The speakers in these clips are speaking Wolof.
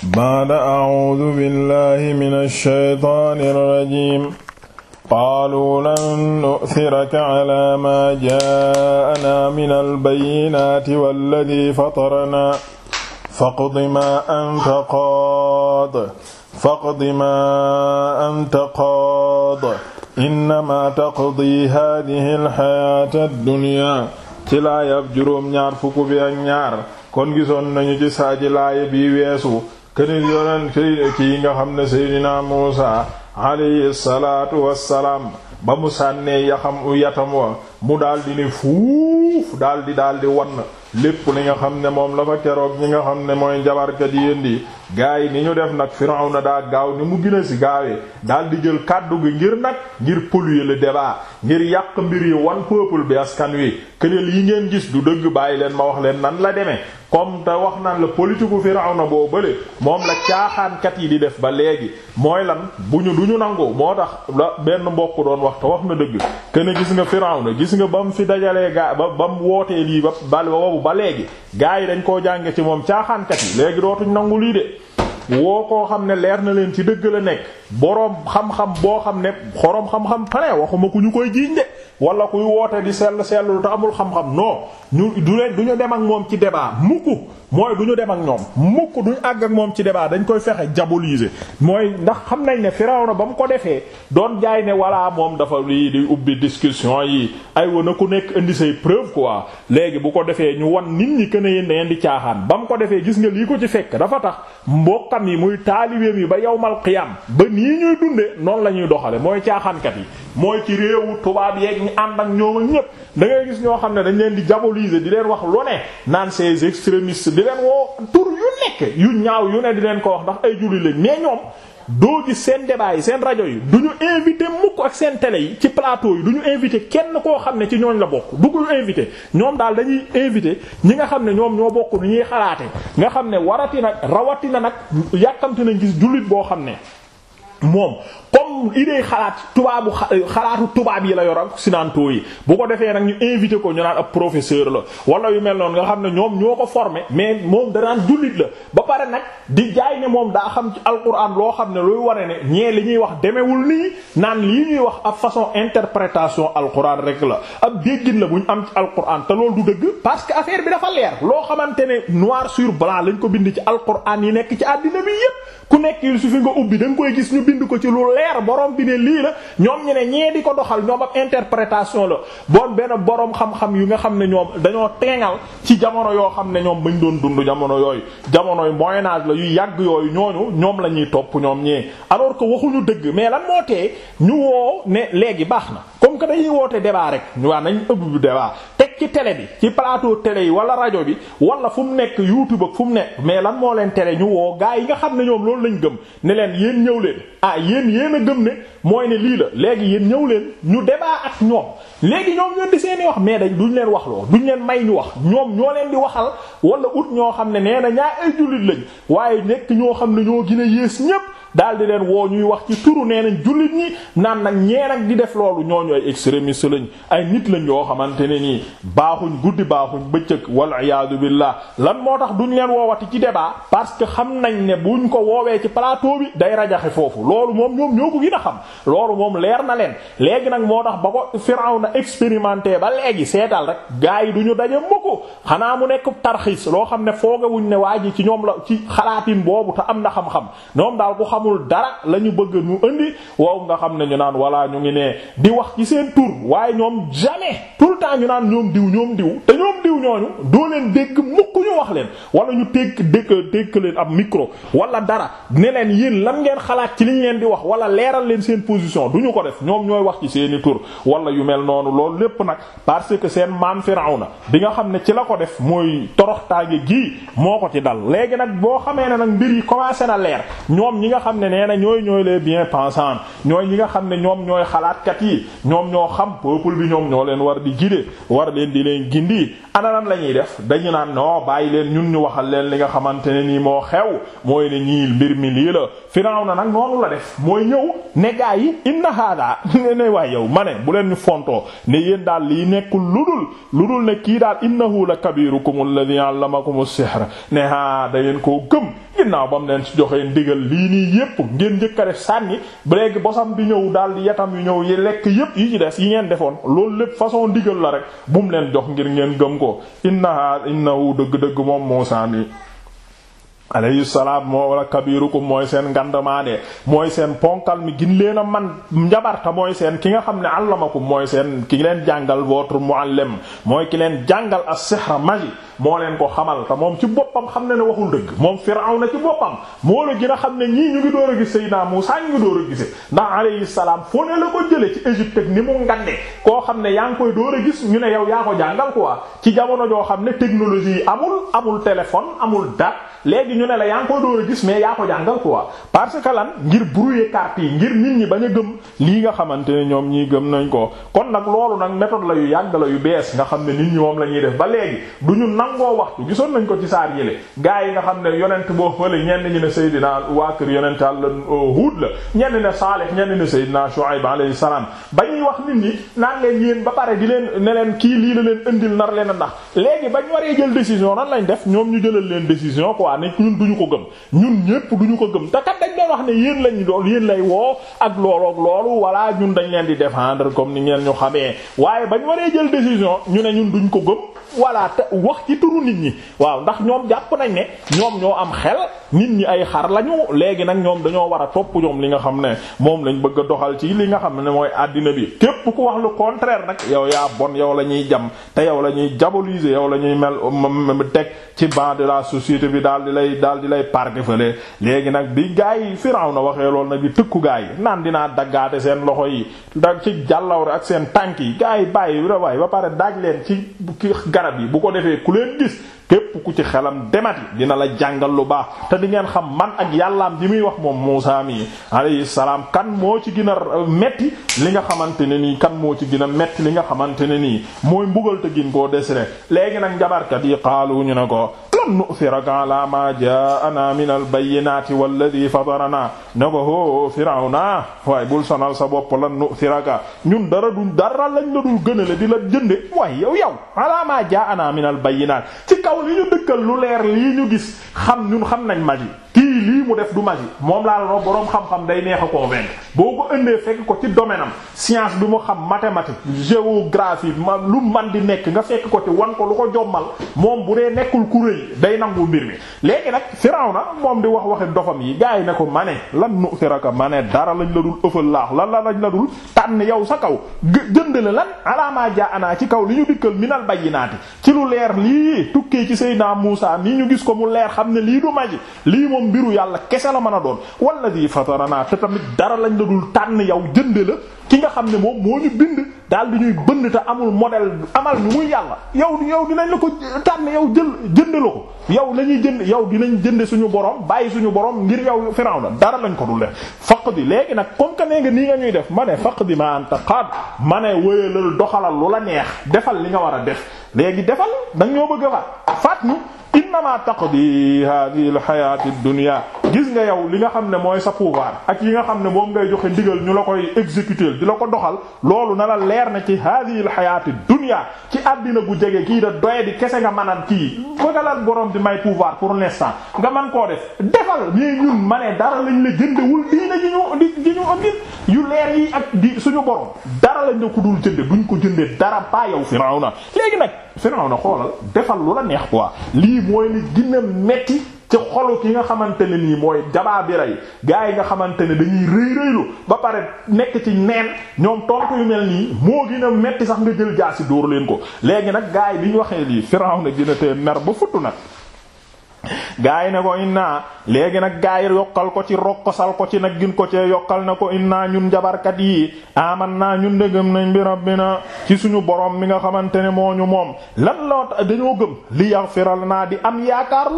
baada acuudu billahi min alshaytaani alrajim qaaluu lan nu'thiraka calaa maa jaa'anaa min albayyinaati walladii fataranaa faqdi maa anta qaad faqdi maa anta qaad innamaa taqdii haadihi alxayaata addunyaa ci laayab juróom ñaar fukk bi ak ñaar kon gisoon nañu ci saaji laaya bii weesu kënit yonent kii nga xam ne seydina Muusa alayhi salaatu wassalaam ba mu sànnee yaxam u yatam wa mu daldi ne fuuf daldi daldi wann lépp li nga xam ne moom la fa keroog ñi nga xam ne mooy njabarkat yéen di gaa yi ni ñu def nag na daa gaaw ni mu gina ci gaawee daldi jël kàddu gi ngir nag ngir polluer le débat ngir yàq mbir yi wan peuple bi askan wi këneel yi ngeen gis du dëgg bàyyi leen ma wax leen nan la demee comme te wax naan la politique u na boo bële moom la caaxaankat yi di def ba léegi mooy lan bu ñu du ñu nangu moo tax la benn mbokku doon wax te wax na dëgg kene gis nga Firawna gis nga ba mu fi dajalee gaa ba ba mu wootee lii ba ba boobu ba léegi gaa yi dañ koo jànge ci moom caaxaankat yi léegi dootuñ nangu lii de woo koo xam ne leer na leen ci dëgg la nekk boroom xam-xam boo xam ne xoroom xam-xam pare waxuma ku ñu koy jiiñ de wala kuy woote di sell sell te amul xam-xam non ñu du leen du ñu dem ak moom ci débat mukk mooy du ñu dem ak ñoom mukk duñ àgg ak moom ci débat dañ koy fexe diaboliser mooy ndax xam nañ ne na ba mu ko defee doon jaay ne walla moom dafa lii di ubbi discussion yi ay wana ku nekk indi say preuve quoi léegi bu ko defee ñu wan nit ñi kën a yéen dangeen di caaxaan ba mu ko defee gis nga lii ko ci fekk dafa tax mbokkam yi muy taalibeem yi ba yawmal qiyam ba nii ñuy dunde noonu la ñuy doxale mooy caaxaankat yi mooy ci réewu tubaab yeeg ñi ànd ak ñoom ñépp da gis ñoo xam ne dañ leen di diaboliser di leen wax lu ne naan ces extrémistes di leen woo tur yu nekk yu ñaaw yu ne di leen ko wax ndax ay julli lañ mais ñoom doo gis seen débat yi seen rajo yi du ñu invité mukk ak seen télé yi ci plateau yi du ñu invité kenn koo xam ne ci ñooñ la bokk dugul invité ñoom daal dañuy invité ñi nga xam ne ñoom ñoo bokk ni ñuy xalaate nga xam ne warati nag rawatina nag yàkkamti nañ gis jullit boo xam ne comme idée xalaat tubaabu euh, xalaatu tubaab yi la yor ak sinanto yi bu ko defee nag ñu invité ko ñu naan ab professeur la wala yu mel noonu nga xam ne ñoom ñoo ko formé mais moom danaan jullit la ba pare nag di jaay ne moom daa xam ci alquran loo xam ne luy wane ne ñee li ñuy wax demewul nii naan lii ñuy wax ab façon interprétation alquran rek la ab déggin la bu ñu am ci alquran te loolu du dëgg parce que affaire bi dafa leer loo xamante ne noir sur blanc lañ ko bind ci alquran yi nekk ci bi yépp borom bi ne lii la ñoom ñu ne ñee di ko doxal ñoom ab interprétation la bon benn borom xam-xam yu nga xam ne ñoom dañoo teengal ci jamono yoo xam ne ñoom bañ doon dund jamono yooyu jamonoy moyen âge la yu yàgg yooyu ñooñu ñoom la ñuy topp ñoom ñee alors que waxuñu dëgg mais la moo tee ñu woo ne léegi baax na que dañuy woote débat rek waa nañ ëbb bu débat teg ci tele bi ci plateau tele yi wala rajo bi wala fu mu nekk YouTube ak fu mu nekk mais lan moo leen tere ñu woo gaa yi nga xam ne ñoom loolu lañ gëm ne leen yéen ñëw leen ah yéen yéen a gëm ne mooy ne lii la léegi yéen ñëw leen ñu débat ak ñoom léegi ñoom ñoo di seeni wax mais dañ duñ leen wax lool duñ leen may ñu wax ñoom ñoo leen di waxal wala ut ñoo xam ne nee na ñaa ay jullit lañ waaye nekk ñoo xam ne ñoo gën a yées ñépp daal di leen woo ñuy wax ci turu nee nañ jullit ñi naan nag ñee def loolu ñooñu extrémiste lañ ay nit lañ yoo xamante ne nii baaxuñ guddi baaxuñ bëccëg wal iyaadu billah lan moo tax duñ leen woowati ci débat parce que xam nañ ne buñ ko woowee ci plateau bi day rajaxe foofu loolu moom ñoom ñoo ko gën a xam loolu moom leer na leen léegi nag moo tax ba ko Firawna expérimenté ba léegi seetal rek gars yi duñu daje mukk xanaa mu nekk tarxiis loo xam ne foogewuñ ne waa ji ci ñoom la ci xalaatin boobu te am na xam-xam ñoom daal ku xamul dara lañu bëgg ñu seen tur waaye ñoom jamais tout temps ñu naan ñoom diw ñoom diw te ñoom diw ñooñu doo leen dégg mukk ñu wax leen wala ñu tekk dékk dégg leen ab micro wala dara ne leen yéen lan ngeen xalaat ci liñ leen di wax wala leeral leen seen position du ñu ko def ñoom ñooy wax ci seeni tur wala yu mel noonu loolu lépp nag parce que seen maam na bi nga xam ne ci la ko def mooy toroxtaange gii moo ko ci dal léegi nag boo xamee ne nag mbir yi commencé na leer ñoom ñi nga xam ne nee na ñooy ñooy les bien pensants ñooy ñi nga xam ne ñoom ñooy xalaatkat ñoom ñoo xam peuple bi ñoom ñoo leen war di gide war leen di leen gindi ana lan la ñuy def dañu naan non bàyyi leen ñun ñu waxal leen li nga xamante ne nii moo xew mooy ne ñii mbir mi lii la Firawna nag noonu la def mooy ñëw ne gaa yi inna hada ne ne waay yow ma ne bu leen ñu fontoo ne yéen daal lii nekkul ludul ludul ne kii daal innahu la kabirukum alladhi allamakum as-sihr ne ha da ngeen koo gëm ginnaaw ba mu leen ci joxee ndigal lii nii yépp ngeen njëkk a def sànni léegi bosam bi ñëw daal di yatam yi ci des yi ngeen defoon loolu lépp façon ndigal la rek bu mu leen jox ngir ngeen gëm ko innaha innahu dëgg-dëgg moom Muusaa mi alayhi salaam moo wala kabirukum mooy seen ngandamaane mooy seen ponkal mi gin leen a man njabarta mooy seen ki nga xam ne ma allamakum mooy seen ki leen jàngal votre muallim mooy ki leen jàngal as-sihra magie moo leen ko xamal te moom ci boppam xam na ne waxul dëgg moom Firawna ci boppam moo la a xam ne ñii ñu ngi door a gis Seydina Muusaa ñu ngi door a gise ndax alayhi salaam foo ne la ko jële ci Égypte ak ni mu ngande koo xam ne yaa ngi koy door a gis ñu ne yow yaa ko jàngal quoi ci jamono joo xam ne technologie yi amul amul téléphone amul date léegi ñu ne la yaa ngi ko door a gis mais yaa ko jàngal quoi parce que lan ngir brouiller carte yi ngir nit ñi bañ a gëm lii nga xamante ne ñoom ñii gëm nañ ko kon nag loolu nag méthode la yu yàgg la yu bees nga xam ne nit ñi moom la ñuy def ba léegi du ñu nangoo waxtu gisoon nañ ko ci saar yële gaa yi nga xam ne yonent boo fële ñenn ñi ne Seydina waa kër yonent Yàlla euh, Huud la ñenn ne Saalih ñenn ne Seydina Shuayb alayhi salaam ba ñuy wax nit ñi naan leen yéen ba pare ne leen kii lii la leen indil nar leen ndax léegi bañ waree jël décision nan lañ def ñoom ñu leen décision quoi ñun duñu ko gëm ñun ñépp duñu ko gëm te kat dañ doon wax ne yéen lañ doon yéen lay woo ak loolu ak loolu voilà ñun dañ leen di défendre comme ni ngeen ñu xamee waaye bañ waree jël décision ñu ne ñun duñ ko gëm voilà te wax ci turu nit ñi waaw ndax ñoom jàpp nañ ne ñoom ñoo am xel nit ñi ay xar lañu léegi nag ñoom dañoo war a topp ñoom li nga xam ne moom lañ bëgg a doxal ci li nga xam ne mooy àddina bi képp ku wax lu contraire nag yow yaa bon yow la ñuy jam te yow la ñuy diaboliser yow la ñuy mel teg ci ban de la société bi daal di lay daal di lay parqué fële léegi nag bi gaa yi na waxee lool nag di tëkku gaa yi naan dinaa daggaate seen loxo yi da ci jàllawre ak seen tànk yi gaa yi bàyyi ba pare daaj leen ci garab yi bu ko defee ku leen gis képp ku ci xelam demati dina la jàngal lu baax te di ngeen xam man ak yàllaam bi muy wax moom Muusaa mii alayhi salaam kan moo ci gën a euh, metti li nga xamante ne nii kan moo ci gën a metti li nga xamante ne nii mooy mbugal te gin koo des rek léegi nag njabarkat yi xaalu ñu ne ko lan nu'thiraka ala ma jaa'ana min al-bayyinati walladhi fatarana ne firawna waaye bul sonal sa bopp lan nu'thiraka ñun dara du dara lañ la dul gënale di la jënde waaye yow yow ala ma jaa'ana min al-bayyinati ci kaw li ñu dëkkal lu leer lii ñu gis xam ñun xam nañ maji kii lii mu def du maji moom laa la boroom xam-xam day neex a convaincre boo ko ëndee fekk ko ci domaine am science bi mu xam mathématique géographie ma lu man di nekk nga fekk ko ci wan ko lu ko jommal moom bu dee nekkul kuréy day nangu mbir mi léegi nag Firawna moom di wax waxi dofam yi gars yi ne ko mane lan nu siraka mane dara lañ la dul ëffal laax lan la lañ la dul tànn yow sa kaw jëndale lan alaamaa jaa anaa ci kaw li ñu dikkal minal bayyinaati ci lu leer lii tukkee ci naa Muusaa nii ñu gis ko mu leer xam ne lii du maji lii moom mbiru yàlla kese la mën a doon lu dul tànn yow jënde la ki nga xam ne moom moo ñu bind daal di ñuy bënn te amul modèle amal ñu muy yàlla yow yow dinañ la ko tànn yow jël jënd la ko yow la ñuy jënd yow dinañ jënde suñu borom bàyyi suñu borom ngir yow na dara lañ ko dul def faqdi léegi nag comme que nee nga nii nga ñuy def ma ne faqdi ma anta qaad ma ne wéyalal doxalal lu la neex defal li nga war a def léegi defal danga ñoo bëgg a faat faat ñu innama taqdi hadhihi al hayat ad gis nga yow li nga xam ne mooy sa pouvoir ak yi nga xam ne moom ngay joxe ndigal ñu la koy exécuter di la ko doxal loolu na la leer na ci hadhihi alxayaati dunya ci àddina gu jege kii da doye di kese nga mënaan kii fagalan borom di may pouvoir pour l'instant nga man koo def defal mais ñun ma ne dara lañ la jëndewul diina ji ñu di yu leer yi ak di suñu borom dara lañ la ko dul jënde duñ ko jënde dara pa yow Firawna léegi nag Firawna xoolal defal lu la neex quoi li gën ci xolu ki nga xamante ne nii mooy bi yi gaa yi nga xamante ne dañuy rëy rëylu ba pare nekk ci neen ñoom tontu yu mel nii moo gën a metti sax nga jël si dóor leen ko léegi nag gaa yi bi ñu waxee lii Firawna gën a tee mer ba futt nag gaa yi ne ko inna léegi nag gaa yi yokkal ko ci rokkosal ko ci nag gin ko cee yokkal na ko inna ñun jabarkat yi aman naa ñun de nañ bi na ci suñu boroom mi nga xamante ne moo ñu moom lan loo dañoo gëm li yaghfiral naa di am yaakaar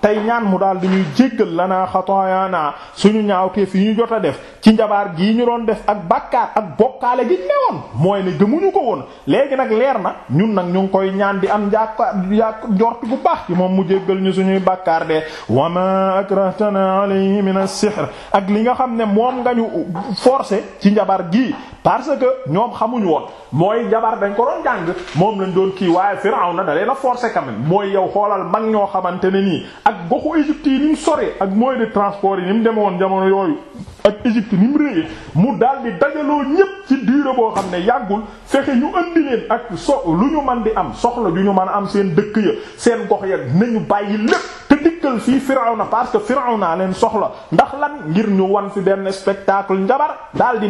tey ñaan mu daal di ñuy jéggal lanaa xataayaana suñu ñaawteef yi ñu jot def ci njabaar gii ñu doon def ak bàkkaar ak bokkaale gi newoon mooy ne ko woon léegi nag leer na ñun nag ñu ngi koy ñaan di am njàkk njort bu baax ci moom mu jéggal ñu suñuy bàkkaar de wa ma akrahtana alayhi min as-sihr ak li nga xam ne moom nga ñu forcé ci njabar gi parce que ñoom xamuñu woon mooy jabar dañ ko doon jàng moom lañ doon kii waaye Firawna da leen na forcer quand mooy yow xoolal mag ñoo xamante ne nii ak goxu Égypte yi ni mu ak mooy de transport yi ni mu demoon jamono yooyu ak Égypte ni mu réyee mu daal di dajaloo ñépp ci diire boo xam ne yàggul fexe ñu andi leen ak so lu ñu man di am soxla ju ñu mën a am seen dëkk ya seen gox ya nañu bàyyi lépp te dikkal fii na parce que naa leen soxla ndax lan ngir ñu wan fi benn spectacle njabar daal di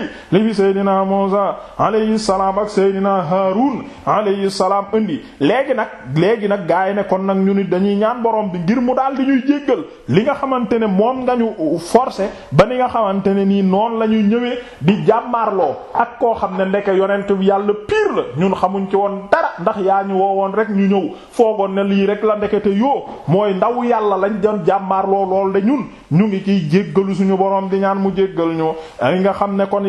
liggéey li fi Seydina Muusa alayhi salaam ak Seydina Haarun alayhi salaam indi léegi nag léegi nag gaa yi ne kon nag ñu nit dañuy ñaan borom bi ngir mu daal di ñuy jéggal li nga xamante ne moom nga ñu uh, forcé ba ni nga xamante ne nii noonu la ñuy ñëwee di jàmmaarloo ak koo xam ne ndeke yonent yàlla pire la ñun xamuñ ci woon dara ndax yaa ñu woowoon rek ñu ñëw foogoon ne lii rek la ndekete yoo mooy ndaw yàlla lañ doon jàmmaarloo lool de ñun ñu ngi ciy jéggalu suñu borom di ñaan mu jéggal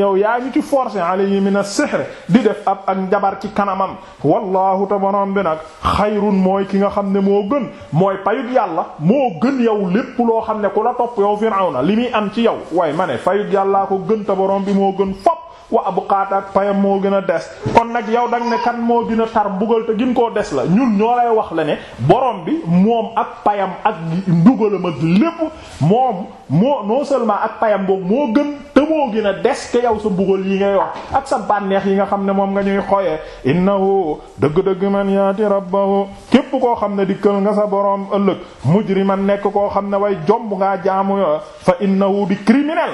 yow yaa ñu ci forcé alayhi min as-sihr di def ab ak njabar ci kanamam wallahu te borom bi nag xayrun mooy ki nga xam ne moo gën mooy payut yàlla moo gën yow lépp loo xam ne ku la topp yow Firawna li muy am ci yow waaye ma ne fayut yàllaa ko gën te bi moo gën fop wa abqaat ak payam moo gën a des kon nag yow dang ne kan moo gën a tar mbugal te gin koo des la ñun ñoo lay wax la ne borom bi moom ak payam ak mbugalam ak lépp moom moo non seulement ak payam boobu moo gën te moo gën a des te yow sa mbugal yi ngay wax ak sa bànneex yi nga xam ne moom nga ñuy xooye innahu dëgg-dëgg man yaati rabbahu képp koo xam ne dikkal nga sa borom ëllëg ma nekk koo xam ne way jomb ngaa jaamu fa innahu di criminel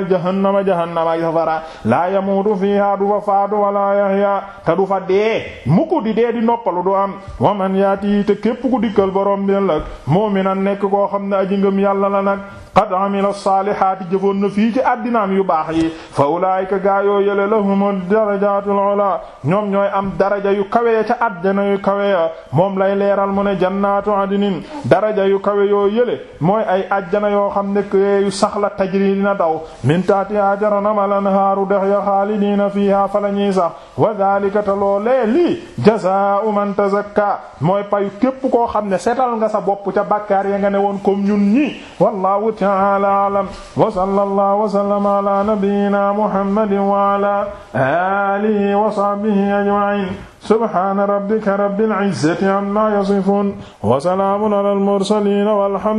ñeel jahannama jahannama ay safara laa yamuutu fiihaa du te du fa dee mukk di dee di noppalu du am wa man yaati te képp ku dikkal borom bi ëllëg mu'minan nekk koo xam ne aji ngëm yàlla la nag qad amila saalihaati jëfoon na fii ci addinaam yu baax yi fa ulaayika gaa yoo yële lahum darajaatul ulaa ñoom ñooy am daraja yu kawe ya ca addina yu kawe ya moom lay leeral mu ne jannaatu adnin daraja yu kawe yoo yële mooy ay ajjana yoo xam ne yu saxla min taatihaa jaranama lanhaaru dex ya xaalidiina fiihaa fa la ñuy sax wa daalika te loolee lii jazaa'u man tazakka mooy payu képp koo xam ne setal nga sa bopp ca bàkkaar ya nga ne woon comme ñun ñi wallahu ta'ala a'lam wa sallallahu wa sallama ala nabiyyina muhammadin wa ala alihi wa sahbihi ajma'in subhana rabbika rabbil izzati amma yasifun wa salamun ala al mursalin